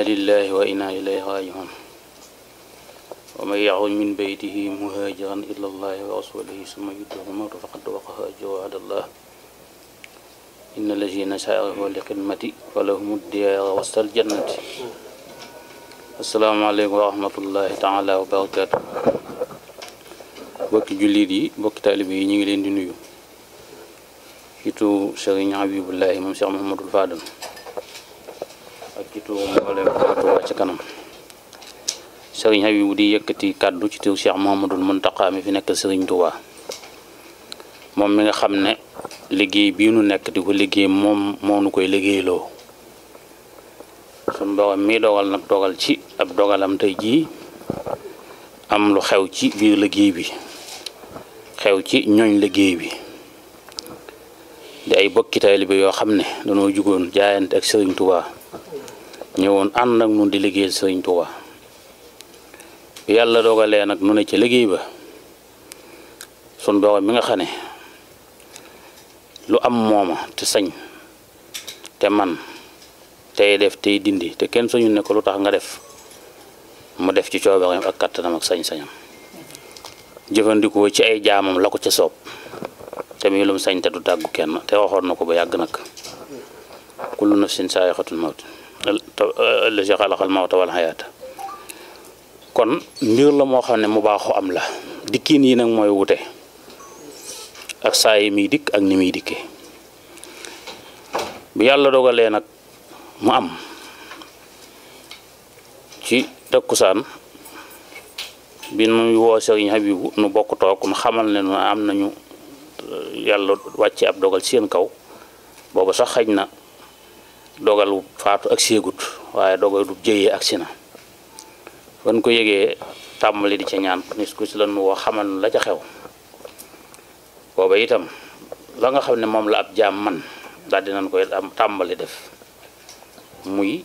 inna lillahi wa inna ilayhi rajiun wa man yaxruj min beytihi muhajiran ila allahi wa rasulihi summa yudriku mawtu faqad waqafa ajruhu ala allah inna lazina saarahu li xidmati wa lahum diyaara wastal jannati asalaamaaleykum wa rahmatullahi taala wa barakaatu bokki jullit yi bokki taalibe yi ñu ngi leen di nuyu surtout Sëriñ Habibullahi moom Cheikh Mouhamadoul Fadal ci kanam sëriñ Habibou di yëkkati kàddu ci tur Cheikh Mouhamadul Mountakha mi fi nekk sëriñ Touba moom mi nga xam ne liggéey bii nu nekk di ko liggéey moom moo nu koy liggéeyloo suñ borom mi dogal nag dogal ci ab dogalam tey jii am lu xew ci biir liggéey bi xew ci ñooñ liggéey bi di ay bokki taalibe yoo xam ne dañoo jugoon jaayante ak sëriñ Touba. ñëwoon ànd ak nun di liggéey sëñ Touba wa yàlla doogalee nag nu ne ci liggéey ba sun doom mi nga xane lu am mooma te sañ te man tey def tey dindi te kenn sañu ne ko lu tax nga def mu def ci coobareem ak kattanam ak sañ-sañam jëfandikoo ci ay jaamam la ko ca soob te muy lum sañ te du tàggu kenn te waxoon na ko ba yàgg nag kullu nafsin saa'iqatul mawt allazi xalaqal mawta wal hayaata kon mbir la moo xam ne mu baaxu am la dikkiin yi nag mooy wute ak saa yi dikk ak ni muy dikkee bu yàlla dogalee nag mu am ci takkusaan bi nuy woo Sëriñ Habibu nu bokk toog nu xamal ne nu am nañu yàlla wàcce ab dogal seen kaw booba sax xaj na dogalu faatu ak séegut waaye dogalu jëyee ak si na ban ko yëgee tàmbali di ca ñaan nis ku si lan mu wax xamal la ca xew booba itam la nga xam ne moom la ab jaam man daal dinañ koy tàmbali def muy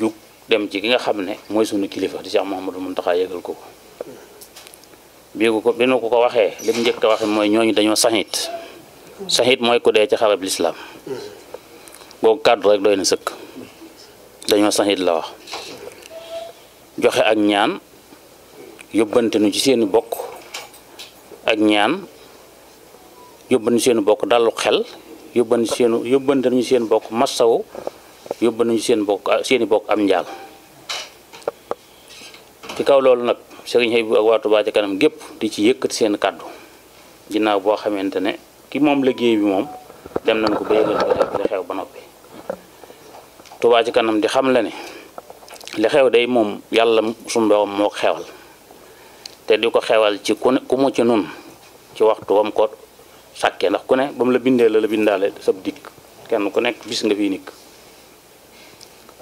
jug dem ci ki nga xam ne mooy sunu kilifa di Cheikh Mouhamadou Mountakha ko ko bii ko waxee li mu mooy ñooñu dañoo saxit saxit mooy ku dee ci xarab lislaam googu kàddu rek doy na sëkk dañoo saxit la wax joxe ak ñaan yóbbante nu ci seeni bokk ak ñaan yóbbante seeni bokk dalu xel yóbbante seen seen bokk massaw yóbbante ñu seen bokk seeni bokk am njaal ci kaw loolu nag Serigne Xëy bu ak waa Touba ca kanam gépp di ci yëkkati seeni kàddu ginnaaw boo xamante ne ki moom liggéey bi moom dem nañ ko ba yëgal ko xew ba noppi Touba ci kanam di xam la ne li xew day moom yàlla suñu moo xewal te di ko xewal ci ku ne ku mu ci nun ci waxtu wam ko sàkkee ndax ku ne ba mu la bindee la la bindaale sab dikk kenn ku nekk bis nga fii nikk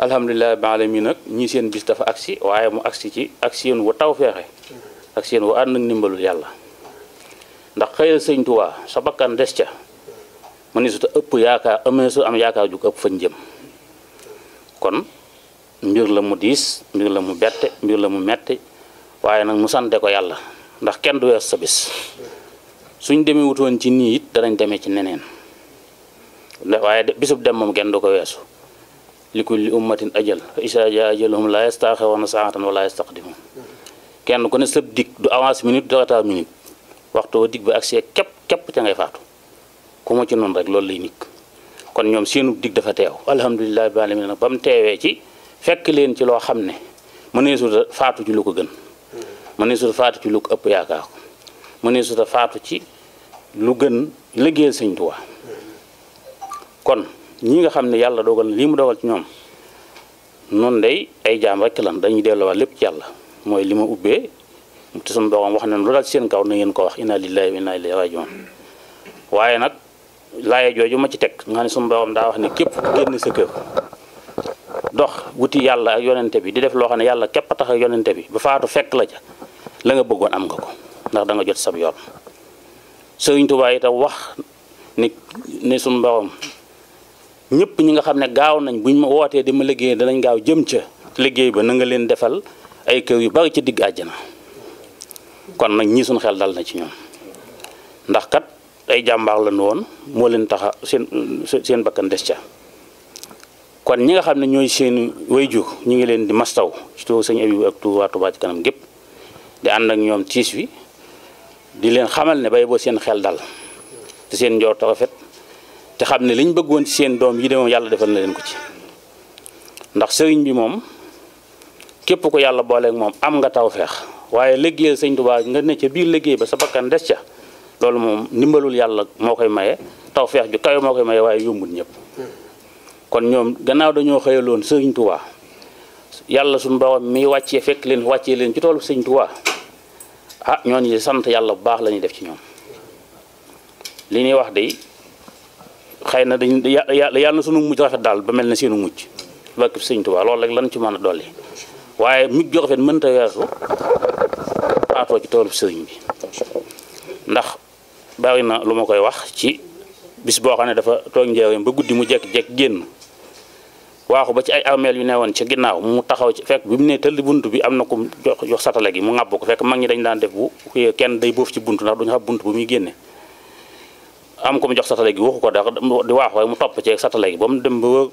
alhamdulilah ba alamin nag ñii seen bis dafa agsi waaye mu agsi ci ak seen wu taw feexe ak seen wu ànd ak ndimbalul yàlla ndax xëyal sëñ Tuubaa sa bakkan des ca mëneesuta ëpp yaakaar amee su am yaakaar jug ëpp fañ jëm kon mbir la mu diis mbir la mu bette mbir la mu mett waaye nag mu sante ko yàlla ndax kenn du wees sa suñ demee wutoon ci nii it danañ demee ci neneen waaye bisub dem moom kenn du ko weesu li kulli ummatin ajal fa isa ja ajaluhum la yastaxiruuna saatan wala yastaqdimuun kenn ku ne sëb dig du avance minute du retard minute waxtu dig ba agsi képp képp ca ngay faatu ku mu ci noonu rek loolu lay nikk kon ñoom seenu digg dafa teew alhamdulilah bi alamin nag ba mu teewee ci fekk leen ci loo xam ne mëneesuta faatu ci lu ko gën mëneesuta faatu ci lu ko ëpp yaakaar ko mëneesuta faatu ci lu gën liggéeyal sëñ Tuubaa kon ñi nga xam ne yàlla dogal na lii mu dogal ci ñoom noon day ay jaam rekk lan dañuy delloowaat lépp ci yàlla mooy li ma ubbee te suñu borom wax ne lu daal ci seen kaw na ngeen ko wax inna lillahi wa inna ilayhi rajiun waaye nag laaya jooju ma ci teg nga ne suñu borom daa wax ne képp génn sa kër dox wuti yàlla ak yonente bi di def loo xam ne yàlla képp a tax ak yonente bi ba faatu fekk la ca la nga bëggoon am nga ko ndax danga nga jot sab yoon Sëriñ Tuubaa itam wax ni ne suñu borom ñëpp ñi nga xam ne gaaw nañ buñ ma wootee di ma liggéey danañ gaaw jëm ca liggéey ba na nga leen defal ay kër yu bari ci digg àjjana kon nag ñii suñu xel dal na ci ñoom ndax kat ay jàmbaar lañu woon moo leen taxa seen seen bakkan des ca kon ñi nga xam ne ñooy seen wayjur ñu ngi leen di mastaw ci turu sëñ Abibu ak turu kanam gépp di ànd ak ñoom tiis wi di leen xamal ne bay boo seen xel dal te seen njoor te xam ne liñ bëggoon seen doom yi de yàlla defal na leen ko ci ndax sëriñ bi moom képp ko yàlla booleek moom am nga taw feex waaye liggéeyal sëñ Tuubaa nga ne biir liggéey ba sa bakkan des ca loolu moom ndimbalul yàlla moo koy maye tawfeex ju kawe moo koy maye waaye yombul ñëpp kon ñoom gannaaw dañoo xëyaloon sëriñ Tuubaa yàlla suñu borom mi wàccee fekk leen wàccee leen ci toolu sëriñ Tuubaa ah ñooñu di sant yàlla bu baax la def ci ñoom li ñuy wax de xëy na dañ yàlla sunu mujj rafet daal ba mel na seenu mujj bakki sëriñ Tuubaa loolu rek lan ci mën a dolli waaye mujj ju rafet mënta ci toolu sëriñ bi ndax bari na lu ma koy wax ci bis boo xam ne dafa toog njëriñ ba guddi mu jekk-jekk génn waaxu ba ci ay armeel yu ne woon ci ginnaaw mu taxaw ci fekk bi mu ne tëll bunt bi am na ku jox jox satala gi mu ŋàbb ko mag ñi dañ daan def bu kenn day boof ci bunt ndax duñu xam bunt bu muy génne ko mu jox satala gi waxu ko dax di waax waaye mu topp ci satala gi ba mu dem ba wër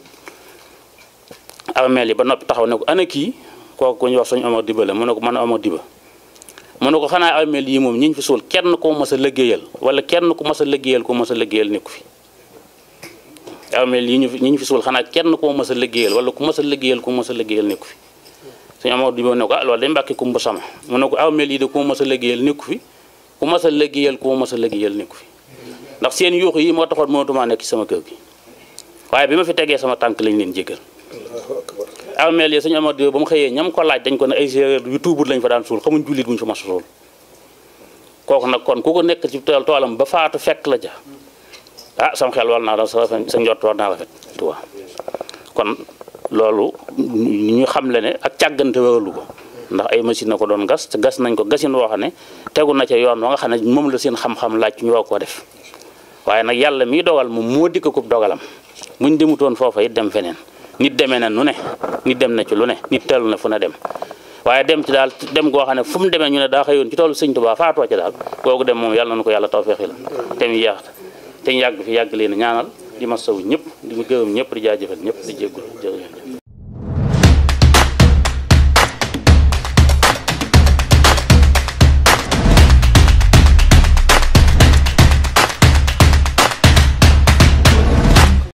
armeel yi ba noppi taxaw ne ko ana kii kooku ku ñuy wax sëñ Omar Diba la mu ne ko man Omar Diba mu ne ko xanaa amel yi moom ñi ñu fi suul kenn ko mas a liggéeyal wala kenn ko mas a liggéeyal ko mas a liggéeyal nekku fi amel ñu ñu fi suul xanaa kenn ko mas a liggéeyal wala ku mas a liggéeyal ko mas a liggéeyal nekku fi suñu amoo du ne ko ah loolu dañ mbàkke kumba sama mu ne ko amel yi de ko mas a liggéeyal nekku fi ku mas a liggéeyal ko mas a liggéeyal nekku fi ndax seen yuuxu yi moo taxoon mënatumaa nekk ci sama kër gi waaye bi ma fi tegee sama tànk lañ leen jégal armeel yi sëñ Amadou ba mu xëyee ñam ko laaj dañ ko ne ay séeréer yu tuubut lañ fa daan suul xamuñ jullit buñ fa mas a suul kooku nag kon ku ko nekk ci tool toolam ba faatu fekk la ja ah sam xel war naa sa sa njott war naa rafet tuwa kon loolu ñu xam le ne ak càggante wéralu ko ndax ay machine na ko doon gas te gas nañ ko gasin woo xam ne tegu na ca yoon wa nga xam ne moom la seen xam-xam laaj ñu war koo def waaye nag yàlla miy dogal moom moo dikk ko dogalam muñ demutoon foofa it dem feneen nit demee na nu ne nit dem na ci lu ne nit teelu na fu na dem waaye dem ci daal dem goo xam ne fu mu demee ñu ne daa xëyoon ci toolu sëñ Tuubaa faatoo ci daal googu dem moom yàlla na nu ko yàlla tawfeexi la te mu yéex te ñu yàgg fi yàgg leen ñaanal di ma sow ñëpp di ma gërëm ñëpp di jaajëfal ñëpp di jéggul